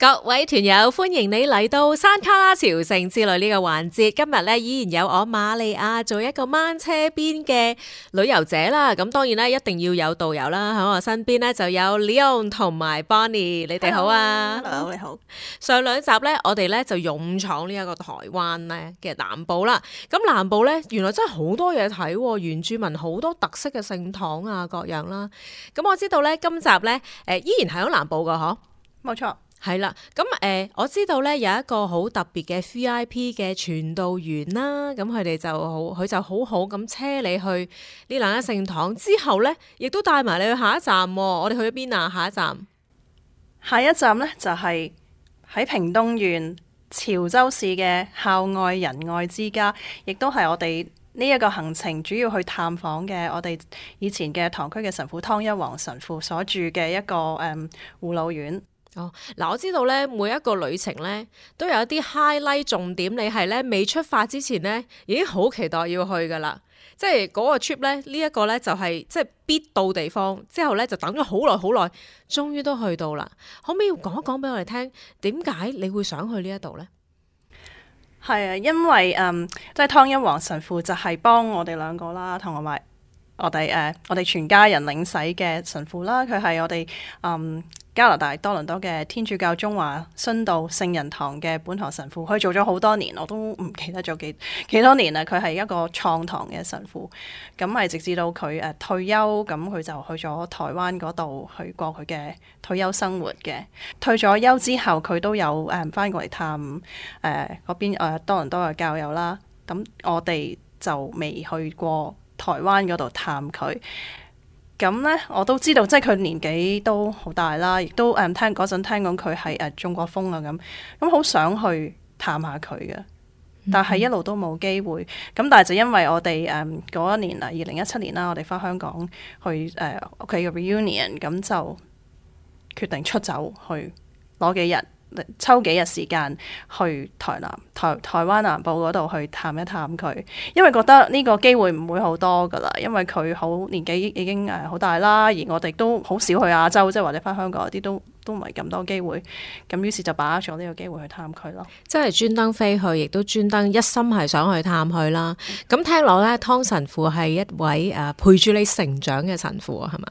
各位團友，歡迎你嚟到山卡拉朝聖之旅呢個環節。今日咧依然有我瑪利亞做一個掹車邊嘅旅遊者啦。咁當然咧一定要有導遊啦，喺我身邊咧就有 Leeon 同埋 Bonny，你哋好啊。Hello，你好。上兩集咧，我哋咧就勇闖呢一個台灣咧嘅南部啦。咁南部咧原來真係好多嘢睇、啊，原住民好多特色嘅聖堂啊，各樣啦。咁我知道咧今集咧，誒依然係響南部噶，嗬？冇錯。係啦，咁誒、嗯，我知道咧有一個特別，好特別嘅 VIP 嘅傳道員啦，咁佢哋就好，佢就好好咁車你去呢兩間聖堂之後咧，亦都帶埋你去下一站，哦。我哋去咗邊啊？下一站，下一站咧就係喺屏東縣潮州市嘅孝愛仁愛之家，亦都係我哋呢一個行程主要去探訪嘅。我哋以前嘅堂區嘅神父湯一煌神父所住嘅一個誒護、嗯、老院。嗱、oh, 啊、我知道咧，每一個旅程咧都有一啲 highlight 重點，你係咧未出發之前咧已經好期待要去噶啦，即係嗰個 trip 咧呢一，這個咧就係、是、即係必到地方，之後咧就等咗好耐好耐，終於都去到啦。可唔可以講一講俾我哋聽，點解你會想去呢一度咧？係啊，因為嗯，即係湯一煌神父就係幫我哋兩個啦，同埋。我哋誒，我哋全家人領洗嘅神父啦，佢係我哋誒、嗯、加拿大多倫多嘅天主教中華殉道聖人堂嘅本堂神父，佢做咗好多年，我都唔記得咗幾幾多年啦。佢係一個創堂嘅神父，咁、嗯、係直至到佢誒、呃、退休，咁、嗯、佢就去咗台灣嗰度去過佢嘅退休生活嘅。退咗休之後，佢都有誒翻過嚟探誒嗰、呃、邊、呃、多倫多嘅教友啦。咁、嗯、我哋就未去過。台灣嗰度探佢，咁呢，我都知道，即係佢年紀都好大啦，亦都誒、嗯、聽嗰陣聽講佢係誒中過風啊，咁，咁好想去探下佢嘅，但係一路都冇機會，咁但係就因為我哋誒嗰一年啊，二零一七年啦，我哋返香港去誒屋企嘅 reunion，咁就決定出走去攞幾日。抽幾日時間去台南台、台灣南部嗰度去探一探佢，因為覺得呢個機會唔會好多噶啦因為佢好年紀已經誒好大啦，而我哋都好少去亞洲，即係或者翻香港啲都都唔係咁多機會，咁於是就把握咗呢個機會去探佢咯。即係專登飛去，亦都專登一心係想去探佢啦。咁聽落咧，湯神父係一位誒陪住你成長嘅神父啊，係嘛？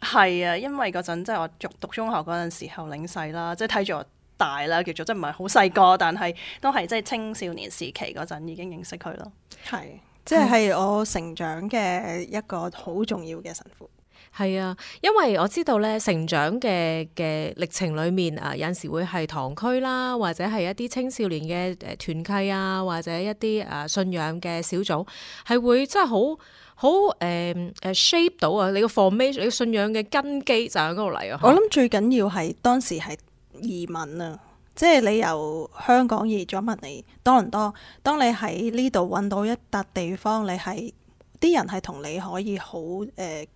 係啊，因為嗰陣即係我讀中學嗰陣時候領洗啦，即係睇住我大啦，叫做即係唔係好細個，但係都係即係青少年時期嗰陣已經認識佢咯。係，即係我成長嘅一個好重要嘅神父。係、嗯、啊，因為我知道咧，成長嘅嘅歷程裏面，誒、啊，有時會係堂區啦，或者係一啲青少年嘅誒團契啊，或者一啲誒、啊、信仰嘅小組，係會即係好好誒誒 shape 到啊，你個 formation，你個信仰嘅根基就喺嗰度嚟啊。我諗最緊要係當時係。移民啊，即係你由香港移咗埋嚟多倫多。當你喺呢度揾到一笪地方，你係啲人係同你可以好誒、呃、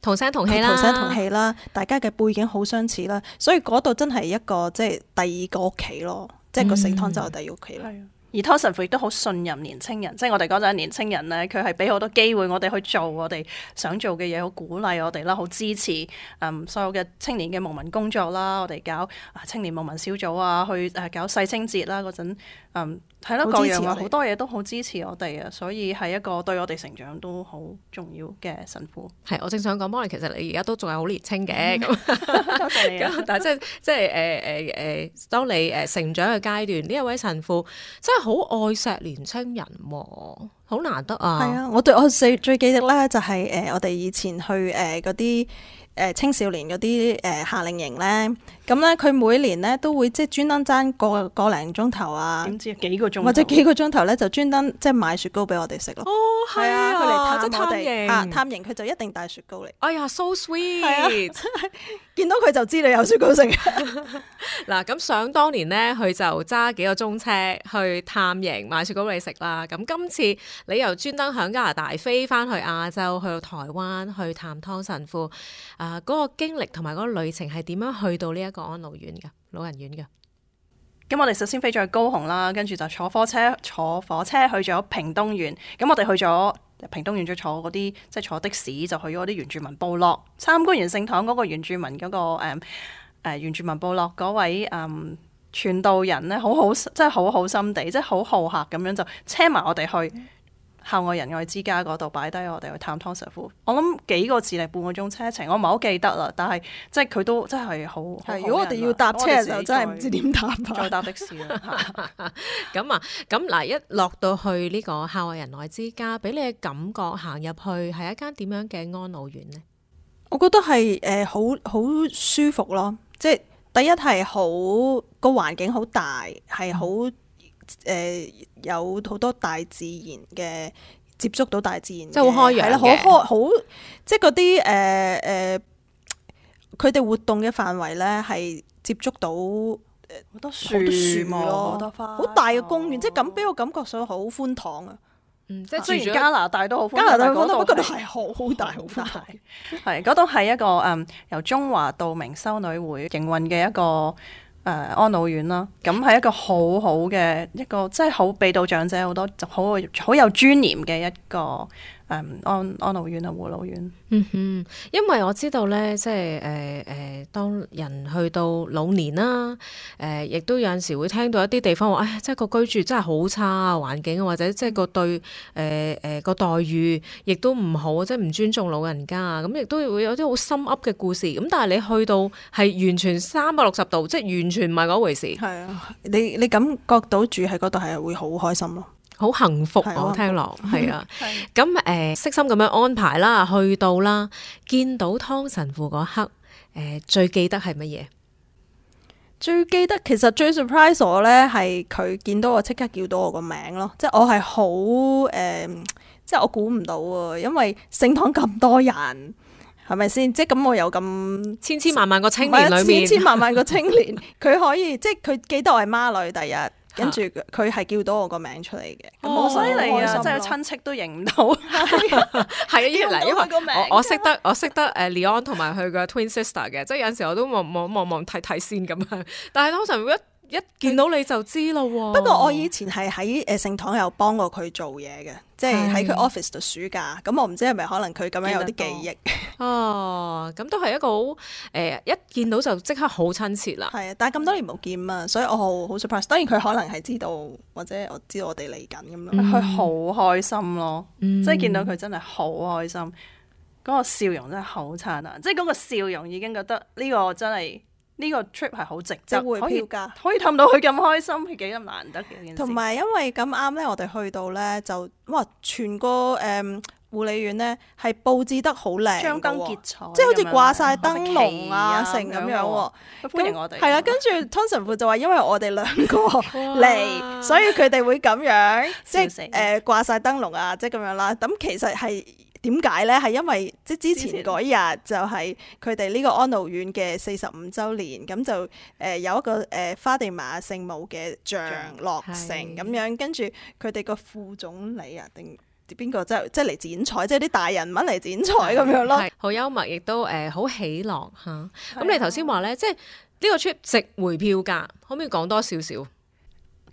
同聲同氣啦，同聲同氣啦，大家嘅背景好相似啦，所以嗰度真係一個即係第二個屋企咯，嗯、即係個聖堂就係第二個屋企啦。而 t o 湯神父亦都好信任年青人，即、就、係、是、我哋嗰陣年青人咧，佢係俾好多機會我哋去做我哋想做嘅嘢，好鼓勵我哋啦，好支持、嗯、所有嘅青年嘅牧民工作啦，我哋搞啊青年牧民小組啊，去搞細清潔啦嗰陣係咯，講完話好多嘢都好支持我哋啊，所以係一個對我哋成長都好重要嘅神父。係，我正想講，Bonny 其實你而家都仲係好年青嘅，咁，多謝你。 但係即係即係誒誒誒，當你誒成長嘅階段，呢一位神父真係好愛錫年青人喎、哦。好難得啊！係啊，我對我最最記得咧，就是，就係誒，我哋以前去誒嗰啲誒青少年嗰啲誒夏令營咧，咁咧佢每年咧都會即係專登爭個個零鐘頭啊，點知幾個鐘或者幾個鐘頭咧就專登即係買雪糕俾我哋食咯。哦，係啊，佢嚟探營啊，探營佢就，就一定帶雪糕嚟。哎呀，so sweet！真係。是啊 見到佢就知你有雪糕食啦！嗱，咁想當年呢，佢就揸幾個鐘車去探營買雪糕俾你食啦。咁今次你又專登響加拿大飛翻去亞洲，去到台灣去探湯神父。啊、呃，嗰、嗰個經歷同埋嗰個旅程係點樣去到呢一個安老院噶老人院噶？咁我哋首先飛咗去高雄啦，跟住就坐火車，坐火車去咗屏東縣。咁我哋去咗。屏東園，再坐嗰啲即係坐的士，就去咗啲原住民部落參觀，完聖堂嗰個原住民嗰、嗰個誒、嗯呃、原住民部落嗰位誒傳、嗯、道人咧，好好即係好好心地即係好好客咁樣就車埋我哋去。嗯孝愛仁愛之家嗰度擺低，我哋去探湯神父。我諗幾個字嚟，半個鐘車程，我唔係好記得啦。但係即係佢都真係好。係如果我哋要搭車就真係唔知點搭再，再搭的士咁 啊，咁嗱，一落到去呢個孝愛仁愛之家，俾你嘅感覺行入去係一間點樣嘅安老院呢？我覺得係誒好好舒服咯，即係第一係好個環境好大，係好。嗯誒、呃，有好多大自然嘅，接觸到大自然即，即係好開揚啦，好開好，即係嗰啲誒誒，佢哋活動嘅範圍咧係接觸到好、呃、多樹好多樹木好多花，好大嘅公園，即係咁俾我感覺上好寬敞啊！嗯，嗯即係雖然加拿大都好加拿大嗰度，我覺得係好大好大，係嗰度係一個誒由、嗯、中華道明修女會營運嘅一個。 誒、uh, 安老院啦，咁係一個好好嘅一個，即係好俾到長者好多，好好有尊嚴嘅一個。誒、安安老院啊，護、um, 老院。老院嗯哼，因為我知道咧，即係誒誒，當人去到老年啦，誒、呃，亦都有陣時會聽到一啲地方話，誒、哎，即係個居住真係好差啊，環境或者即係個對誒誒個待遇亦都唔好，即係唔尊重老人家啊，咁亦都會有啲好心噏嘅故事。咁但係你去到係完全三百六十度，即係完全唔係嗰回事。係啊，你你感覺到住喺嗰度係會好開心咯。好幸福我聽落，係啊，咁誒，悉心咁樣安排啦，去到啦，見到湯神父嗰刻，誒，最記得係乜嘢？最記得其實最 surprise 我咧係佢見到我即刻叫到我個名咯，即係我係好誒，即係我估唔到，啊，因為聖堂咁多人，係咪先？即係咁我有咁千千萬萬個青年，千千萬萬個青年，佢 可以即係佢記得我係孖女，第日。跟住佢係叫到我個名出嚟嘅，咁好犀利啊！即係親戚都認唔到，係啊，因為嗱，因 我 我識得 我識得誒 Leon 同埋佢嘅 twin sister 嘅，即係有陣時我都望望望望睇睇先咁樣，但係通常如果，一見到你就知咯。不過我以前係喺誒聖堂有幫過佢做嘢嘅，即係喺佢 office 度暑假。咁的我唔知係咪可能佢咁樣有啲記憶。哦，咁、啊、都係一個好誒、呃，一見到就即刻好親切啦。係啊，但係咁多年冇見啊，所以我好 surprise。當然佢可能係知道，或者知道我知我哋嚟緊咁咯。佢好、嗯、開心咯，即係、嗯、見到佢真係好開心，嗰、那個笑容真係好燦爛，即係嗰個笑容已經覺得呢個真係。呢個 trip 係好值得，就會票價，可以氹到佢咁開心，佢幾咁難得嘅！同埋因為咁啱咧，我哋去到咧就哇，全個誒護理院咧係佈置得好靚，張燈結彩，即係好似掛晒燈籠啊成咁樣，歡迎我哋。係啦，跟住湯神父就話，因為我哋兩個嚟，所以佢哋會咁樣，即係誒掛晒燈籠啊，即係咁樣啦。咁其實係。點解咧？係因為即係之前嗰日就係佢哋呢個安老院嘅四十五週年，咁就誒有一個誒、呃、花地瑪聖母嘅像落成咁樣，跟住佢哋個副總理啊定邊個即係即係嚟剪彩，即係啲大人物嚟剪彩咁樣咯。好幽默，亦都誒好喜樂嚇。咁、呃嗯、是的 你頭先話咧，即係呢個 trip 值回票價，可唔可以講多少少？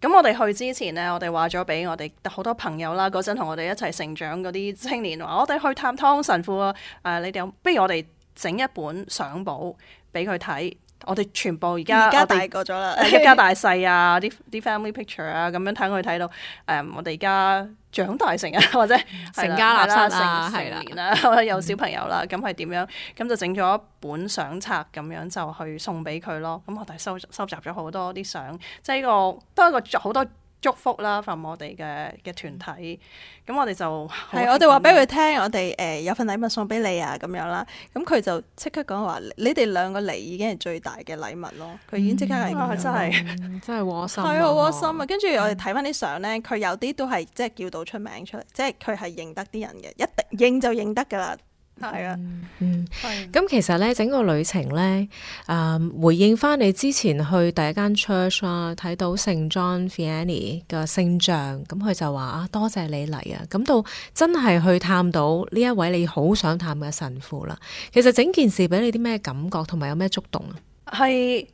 咁、嗯、我哋去之前咧，我哋話咗俾我哋好多朋友啦，嗰陣同我哋一齊成長嗰啲青年話：我哋去探湯神父啊！誒、呃，你哋有不如我哋整一本相簿俾佢睇，我哋全部而家家大個咗啦，一家們 大細啊，啲啲 family picture 啊，咁樣睇佢睇到誒、呃，我哋而家。長大成人、啊，或者成家立室、啊、成,成年啦、啊，的有小朋友啦、啊，咁係點樣,樣？咁就整咗一本相冊，咁樣就去送俾佢咯。咁我哋收收集咗好多啲相，即係呢、呢個都係個好多。祝福啦，份我哋嘅嘅團體，咁我哋就係我哋話俾佢聽，我哋誒 有份禮物送俾你啊，咁樣啦，咁佢就即刻講話你哋兩個嚟，已經係最大嘅禮物咯，佢、嗯、已經即刻係咁、嗯、真係是、嗯、真係窩心， 心，係好窩心啊！跟 住樂我哋睇翻啲相咧，佢有啲都係即係叫到出名出嚟，即係佢係認得啲人嘅，一定認就認得噶啦。係啊、嗯，嗯，咁的、嗯、其實咧整個旅程咧，誒、嗯、回應翻你之前去第一間 church 啊，睇到聖 John Vianney 嘅聖像，咁佢就話啊，多謝你嚟啊，咁到真係去探到呢一位你好想探嘅神父啦。其實整件事俾你啲咩感覺同埋有咩觸動啊？係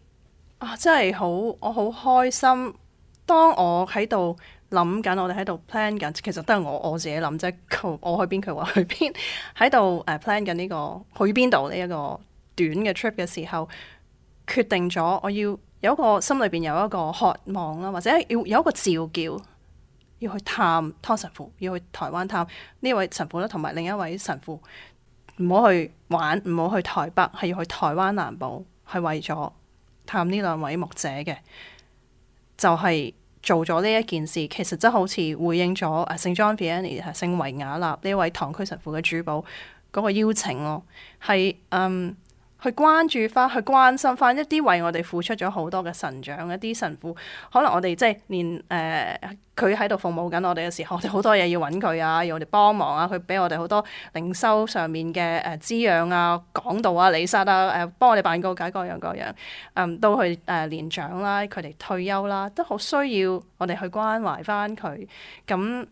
啊，真係好，我好開心，當我喺度。諗緊，我哋喺度 plan 緊，其實都係我我自己諗啫。我去邊，佢話去邊，喺度誒 plan 緊呢個去邊度呢一個短嘅 trip 嘅時候，決定咗我要有一個心裏邊有一個渴望啦，或者要有一個召叫，要去探湯神父，要去台灣探呢位神父啦，同埋另一位神父。唔好去玩，唔好去台北，係要去台灣南部，係為咗探呢兩位牧者嘅，就係。做咗呢一件事，其實真好似回應咗啊聖 John Vianney，係聖維亞納呢位堂區神父嘅主保嗰、那個邀請咯，係嗯。Um 去關注翻，去關心翻一啲為我哋付出咗好多嘅神長，一啲神父，可能我哋即係連誒佢喺度服務緊我哋嘅時候，我哋好多嘢要揾佢啊，要我哋幫忙啊，佢俾我哋好多靈修上面嘅誒滋養啊、講道啊、彌撒啊、誒幫我哋辦告解各樣，各樣各樣，嗯，到去誒年、呃、長啦，佢哋退休啦，都好需要我哋去關懷翻佢。咁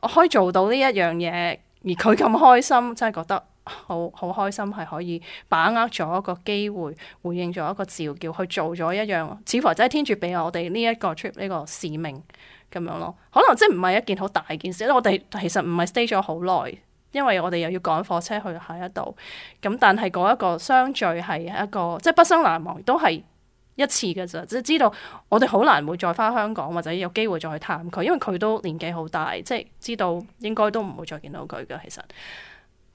我可以做到呢一樣嘢，而佢咁開心，真係覺得。好好開心，係可以把握咗一個機會，回應咗一個召叫，去做咗一樣，似乎真係天主俾我哋呢一個 trip 呢個使命咁樣咯。可能即係唔係一件好大件事，我哋其實唔係 stay 咗好耐，因為我哋又要趕火車去下一度。咁但係嗰一個相聚係一個即係畢生難忘，都係一次噶咋。即知道我哋好難會再返香港，或者有機會再去探佢，因為佢都年紀好大，即係知道應該都唔會再見到佢噶。其實。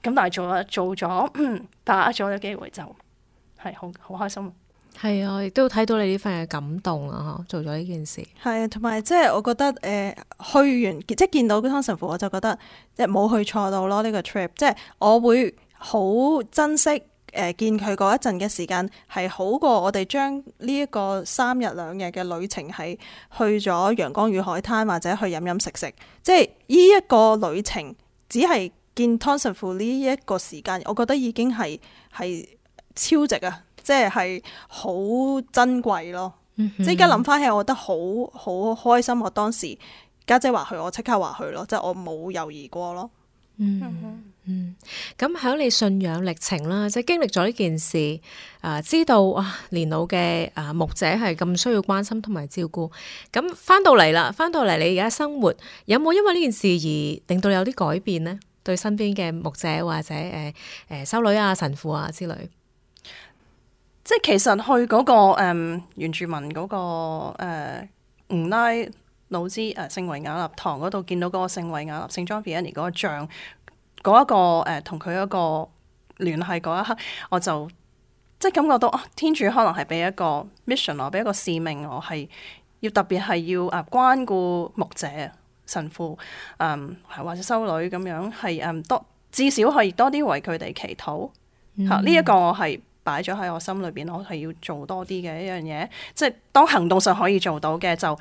咁但係做咗，做咗，打咗嘅機會就係好好開心。係啊，我亦都睇到你呢份嘅感動啊！做咗呢件事係啊，同埋即係我覺得誒、呃、去完即係見到湯神父我就覺得即係冇去錯到咯。呢、這個 trip 即係我會好珍惜誒、呃、見佢嗰一陣嘅時間，係好過我哋將呢一個三日兩夜嘅旅程係去咗陽光與海灘或者去飲飲食食。即係呢一個旅程，只係。見湯神父呢一個時間，我覺得已經係係超值啊！即係好珍貴咯。嗯、哼即係而家諗翻起，我覺得好好開心。我當時家姐話去，我即刻話去咯，即係我冇猶豫過咯。嗯，咁喺你信仰歷程啦，即、就、係、是、經歷咗呢件事，啊，知道哇、啊、年老嘅啊牧者係咁需要關心同埋照顧。咁翻到嚟啦，翻到嚟你而家生活有冇因為呢件事而令到你有啲改變呢？對身邊嘅牧者或者誒誒、呃、修女啊、神父啊之類，即係其實去嗰、那個誒、嗯、原住民嗰、那個誒吾拉魯滋誒聖維亞納堂嗰度見到嗰個聖維亞聖 John Vianney 嗰個像，嗰一個誒同佢一個聯繫嗰一刻，我就即係感覺到天主可能係俾一個 mission 我，俾一個使命我，係要特別係要啊關顧牧者神父，嗯，或者修女咁樣，係嗯多至少可以多啲為佢哋祈禱。嚇、mm，呢、hmm. 一個我係擺咗喺我心裏邊，我係要做多啲嘅一樣嘢。即係當行動上可以做到嘅就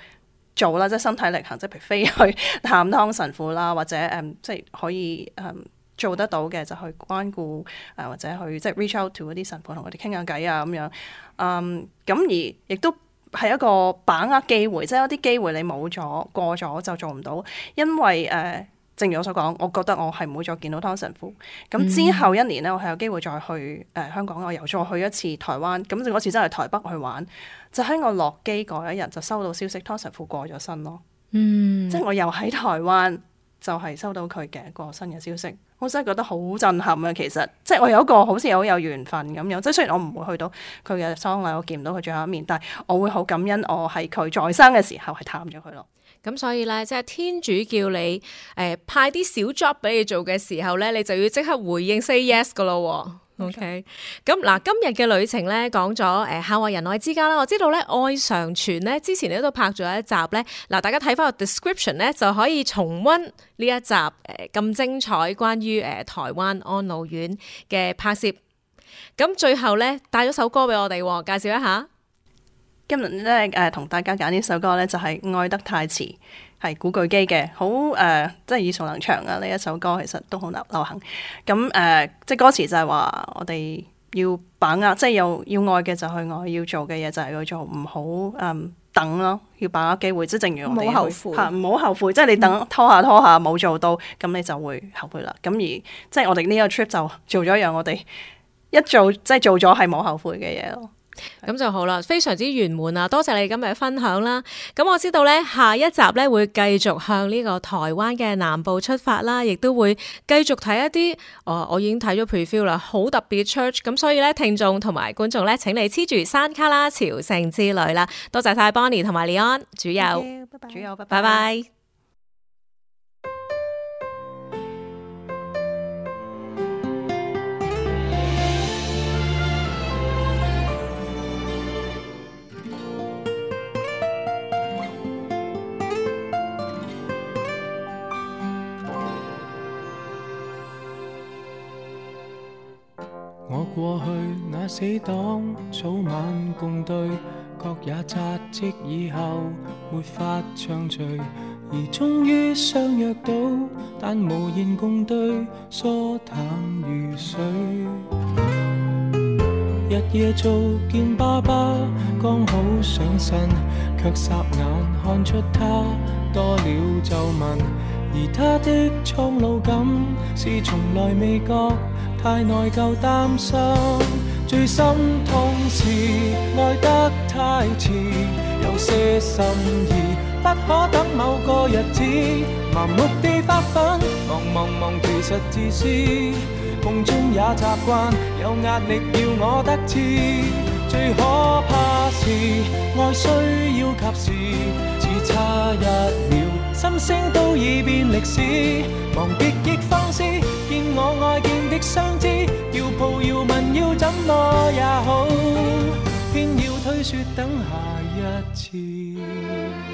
做啦，即係身體力行，即譬如飛去探湯神父啦，或者嗯，即係可以嗯做得到嘅就去關顧，誒、呃、或者去即係 reach out to 嗰啲神父同佢哋傾下偈啊咁樣。嗯，咁而亦都。係一個把握機會，即係一啲機會你冇咗過咗就做唔到，因為誒、呃，正如我所講，我覺得我係唔會再見到湯神父。咁之後一年咧，我係有機會再去誒、呃、香港，我又再去一次台灣。咁正嗰次真係台北去玩，就喺我落機嗰一日就收到消息，湯神父過咗身咯。嗯，即係我又喺台灣。就係收到佢嘅過身嘅消息，我真係覺得好震撼啊！其實即係我有一個好似好有緣分咁樣，即係雖然我唔會去到佢嘅喪禮，我見唔到佢最後一面，但係我會好感恩，我係佢在生嘅時候係探咗佢咯。咁所以咧，即係天主叫你誒、呃、派啲小 job 俾你做嘅時候咧，你就要即刻回應 say yes 噶咯。OK，咁嗱，今日嘅旅程咧，講咗誒，孝愛仁愛之家啦。我知道咧，愛常傳咧，之前咧都拍咗一集咧。嗱，大家睇翻個 description 咧，就可以重温呢一集誒咁精彩關於誒台灣安老院嘅拍攝。咁最後咧，帶咗首歌俾我哋，介紹一下。今日咧誒，同大家揀呢首歌咧，就係、是《愛得太遲》。係古巨基嘅，好誒，即係耳熟能詳啊！呢一首歌其實都好流流行。咁、嗯、誒、呃，即係歌詞就係話，我哋要把握，即係又要，要愛嘅就去愛，要做嘅嘢就係去做，唔好誒等咯，要把握機會。即係正如我哋冇後悔，唔好後悔。即係你等拖下拖下冇做到，咁你就會後悔啦。咁而即係我哋呢個 trip 就做咗一樣，我哋一做即係做咗係冇後悔嘅嘢咯。咁就好啦，非常之圓滿啊！多謝你今日嘅分享啦。咁我知道呢下一集呢會繼續向呢個台灣嘅南部出發啦，亦都會繼續睇一啲，哦，我已經睇咗 preview 啦，好特別 church。咁所以呢，聽眾同埋觀眾呢，請你黐住山卡拉朝聖之旅啦。多謝晒 Bonnie 同埋 Leon 主佑，拜拜。Bye bye. Bye bye. 死黨早晚共對，各也扎職以後沒法暢敘，而終於相約到，但無言共對，疏淡如水。日 夜做見爸爸，剛好想呻，卻霎眼看出他多了皺紋，而他的蒼老感是從來未覺，太內疚擔心。最心痛是愛得太遲，有些心意不可等某個日子，盲目地發奮，忙忙忙其實自私，共存也習慣，有壓力要我得志。最可怕是愛需要及時，只差一秒，心聲都已變歷史，忙別亦放肆。我愛見的相知，要抱要吻要怎麼也好，偏要推說等下一次。